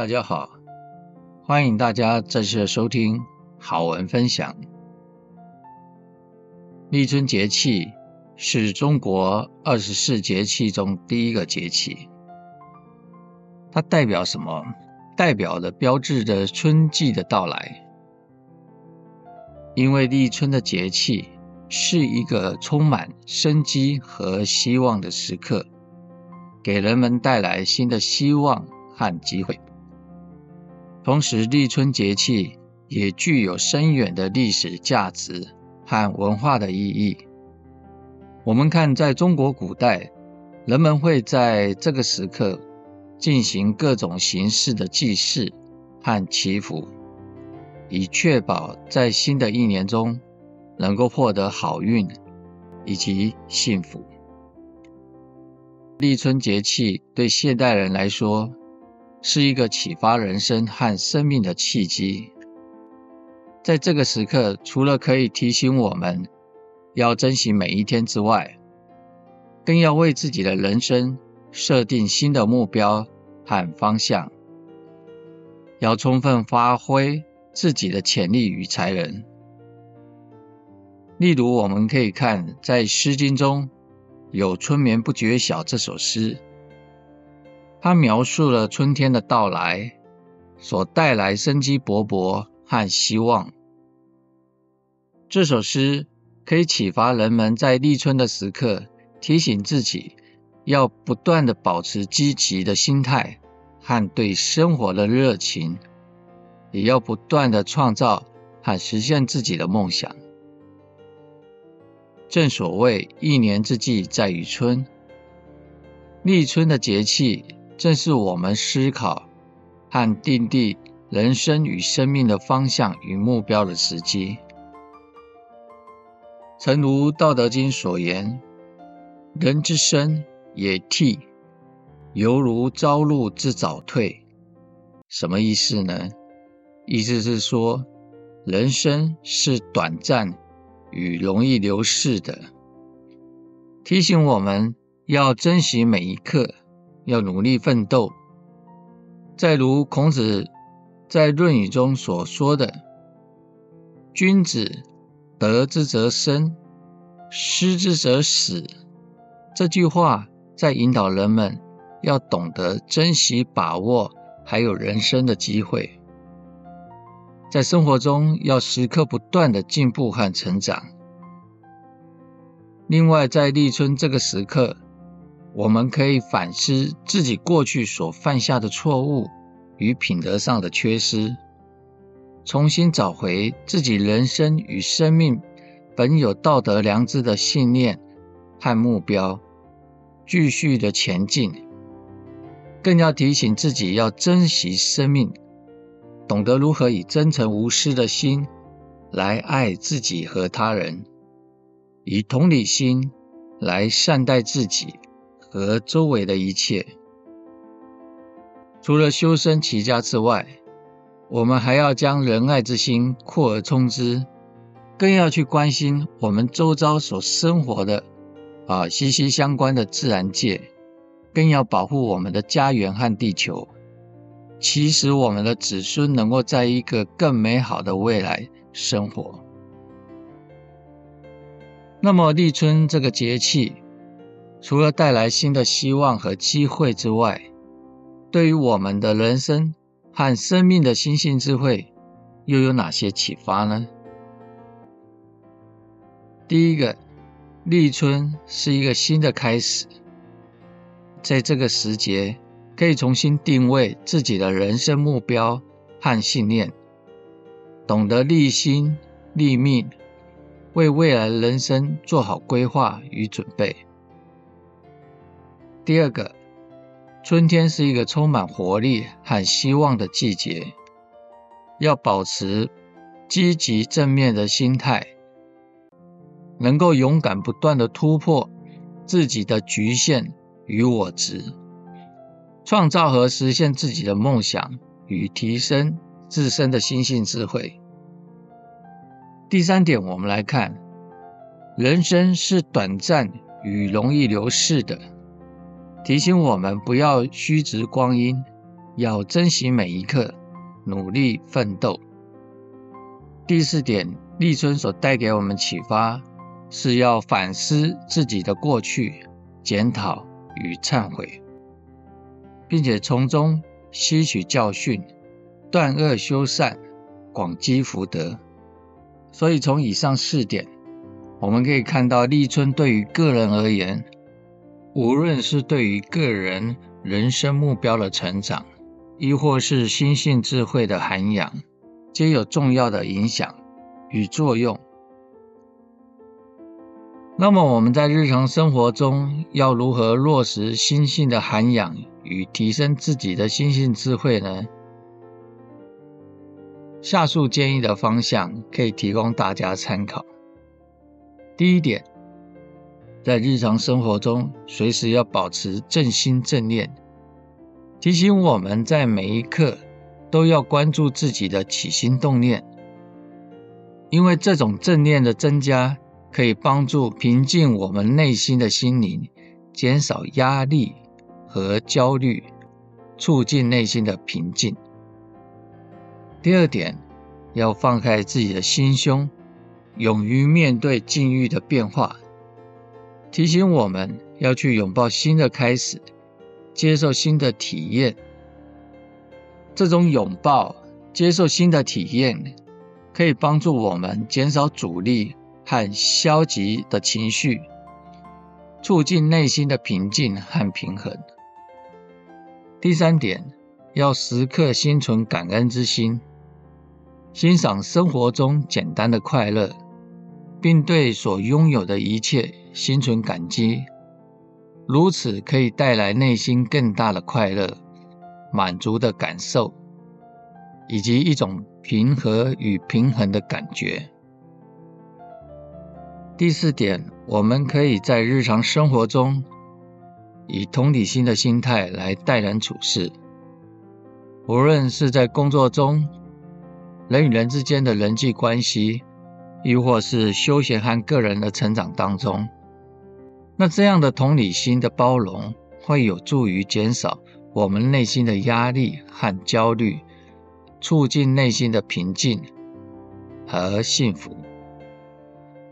大家好，歡迎大家再次收聽好文分享。立春節氣是中國二十四節氣中第一個節氣，它代表什麼？代表的標誌着春季的到來。因為立春的節氣是一個充滿生機和希望的時刻，給人們帶來新的希望和機會。同時，立春節氣也具有深遠的歷史價值和文化的意義。我們看，在中國古代，人們會在這個時刻進行各種形式的祭祀和祈福，以確保在新的一年中能夠獲得好運以及幸福。立春節氣對現代人來說，是一個啟發人生和生命的契機。在這個時刻，除了可以提醒我們要珍惜每一天之外，更要為自己的人生設定新的目標和方向，要充分發揮自己的潛力與才能。例如，我們可以看在《詩經》中有“春眠不覺曉”這首詩。他描述了春天的到來所帶來生機勃勃和希望。這首詩可以啟發人們在立春的時刻提醒自己，要不斷的保持積極的心態和對生活的熱情，也要不斷的創造和實現自己的夢想。正所謂“一年之計在於春”，立春的節氣。正是我們思考和定義人生與生命的方向與目標的時機。誠如《道德經》所言：“人之生也，替，猶如朝露之早退。”什麼意思呢？意思是說，人生是短暫與容易流逝的，提醒我們要珍惜每一刻。要努力奮鬥。再如孔子在《論語》中所說的“君子得之則生，失之則死”這句話，在引導人們要懂得珍惜、把握還有人生的機會。在生活中，要時刻不斷的進步和成長。另外，在立春這個時刻，我們可以反思自己過去所犯下的錯誤與品德上的缺失，重新找回自己人生與生命本有道德良知的信念和目標，繼續的前進。更要提醒自己要珍惜生命，懂得如何以真誠無私的心來愛自己和他人，以同理心來善待自己。和周圍的一切，除了修身齊家之外，我們還要將仁愛之心擴而充之，更要去關心我們周遭所生活的啊息息相關的自然界，更要保護我們的家園和地球，期使我們的子孫能夠在一個更美好的未來生活。那麼立春這個節氣，除了帶來新的希望和機會之外，對於我們的人生和生命的心性智慧，又有哪些啟發呢？第一個，立春是一個新的開始，在這個時節，可以重新定位自己的人生目標和信念，懂得立心立命，為未來的人生做好規劃與準備。第二個，春天是一個充滿活力和希望的季節，要保持積極正面的心態，能夠勇敢不斷的突破自己的局限與我執，創造和實現自己的夢想與提升自身的心性智慧。第三點，我們來看，人生是短暫與容易流逝的。提醒我們不要虛擲光陰，要珍惜每一刻，努力奮鬥。第四點，立春所帶給我們啟發，是要反思自己的過去，檢討與懺悔，並且從中吸取教訓，斷惡修善，廣積福德。所以從以上四點，我們可以看到立春對於個人而言。無論是對於個人人生目標的成長，亦或是心性智慧的涵養，皆有重要的影響與作用。那麼我們在日常生活中要如何落實心性的涵養與提升自己的心性智慧呢？下述建議的方向可以提供大家參考。第一點。在日常生活中，隨時要保持正心正念，提醒我們在每一刻都要關注自己的起心動念，因為這種正念的增加可以幫助平靜我們內心的心靈，減少壓力和焦慮，促進內心的平靜。第二點，要放開自己的心胸，勇於面對境遇的變化。提醒我們要去擁抱新的開始，接受新的體驗。這種擁抱，接受新的體驗，可以幫助我們減少阻力和消極的情緒，促進內心的平靜和平衡。第三點，要時刻心存感恩之心，欣賞生活中簡單的快樂。並對所擁有的一切心存感激，如此可以帶來內心更大的快樂、滿足的感受，以及一種平和與平衡的感覺。第四點，我們可以在日常生活中以同理心的心態來待人處事，無論是在工作中，人與人之間的人際關係，亦或是休閒和個人的成長當中，那這樣的同理心的包容，會有助於減少我們內心的壓力和焦慮，促進內心的平靜和幸福。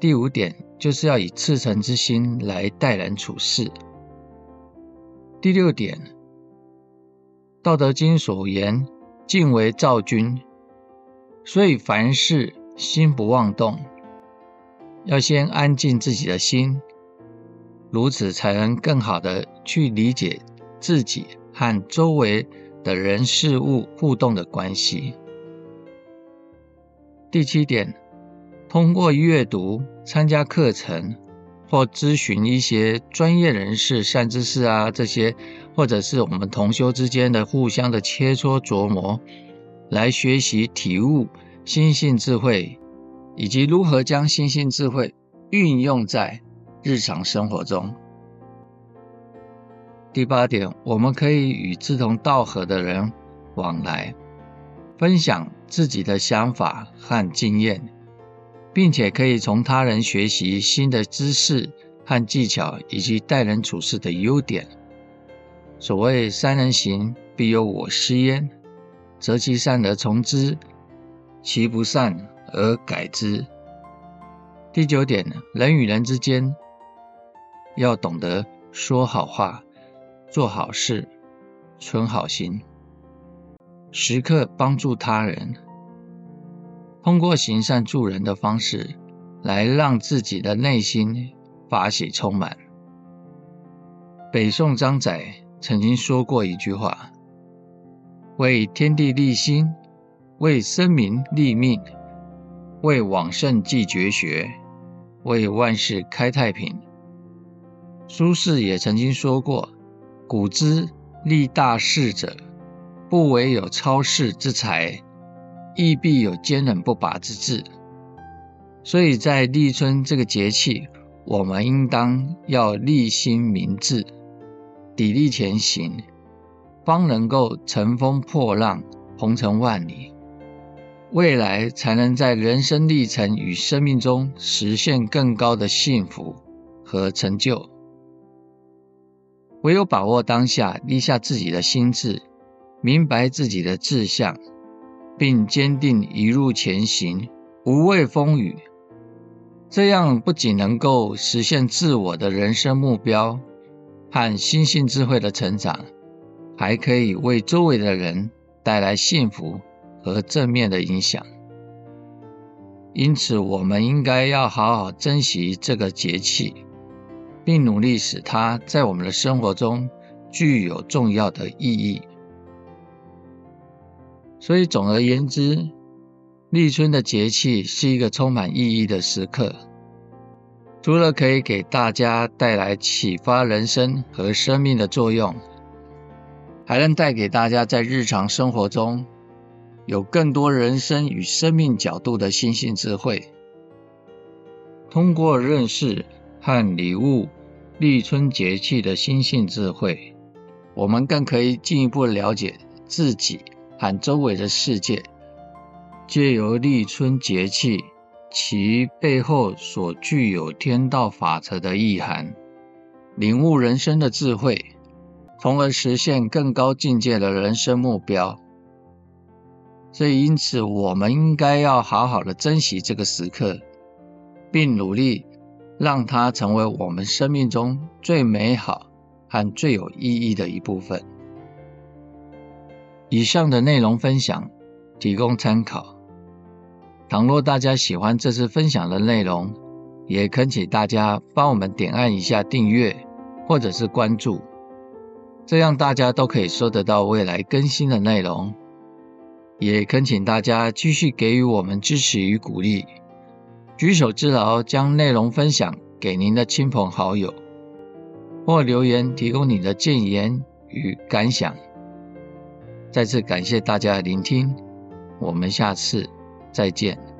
第五點就是要以赤誠之心來待人處事。第六點，《道德經》所言：“靜為躁君”，所以凡事，心不妄動，要先安靜自己的心，如此才能更好的去理解自己和周圍的人事物互動的關係。第七點，通過閱讀、參加課程或諮詢一些專業人士、善知識啊這些，或者是我們同修之間的互相的切磋琢磨，來學習體悟。心性智慧，以及如何將心性智慧運用在日常生活中。第八點，我們可以與志同道合的人往來，分享自己的想法和經驗，並且可以從他人學習新的知識和技巧，以及待人處事的優點。所謂三人行，必有我師焉，擇其善而從之，其不善而改之。第九點，人與人之間要懂得說好話、做好事、存好心，時刻幫助他人，通過行善助人的方式來讓自己的內心法喜充滿。北宋張載曾經說過一句話：“為天地立心。”為生民立命，為往聖繼絕學，為萬世開太平。蘇軾也曾經說過：“古之立大事者，不惟有超世之才，亦必有堅忍不拔之志。”所以，在立春這個節氣，我們應當要立心明志，砥礪前行，方能夠乘風破浪，鵬程萬里。未來才能在人生歷程與生命中實現更高的幸福和成就。唯有把握當下，立下自己的心智，明白自己的志向，並堅定一路前行，無畏風雨。這樣不僅能夠實現自我的人生目標和心性智慧的成長，還可以為周圍的人帶來幸福。和正面的影響，因此我們應該要好好珍惜這個節氣，並努力使它在我們的生活中具有重要的意義。所以，總而言之，立春的節氣是一個充滿意義的時刻，除了可以給大家帶來啟發人生和生命的作用，還能帶給大家在日常生活中。有更多人生與生命角度的心性智慧。通過認識和領悟立春節氣的心性智慧，我們更可以進一步了解自己和周圍的世界。借由立春節氣其背後所具有天道法則的意涵，領悟人生的智慧，從而實現更高境界的人生目標。所以，因此，我們應該要好好的珍惜這個時刻，並努力讓它成為我們生命中最美好和最有意義的一部分。以上的內容分享提供參考。倘若大家喜歡這次分享的內容，也懇請大家幫我們點按一下訂閱或者是關注，這樣大家都可以收得到未來更新的內容。也懇請大家繼續給予我們支持與鼓勵，舉手之勞，將內容分享給您的親朋好友，或留言提供你的建言與感想。再次感謝大家的聆聽，我們下次再見。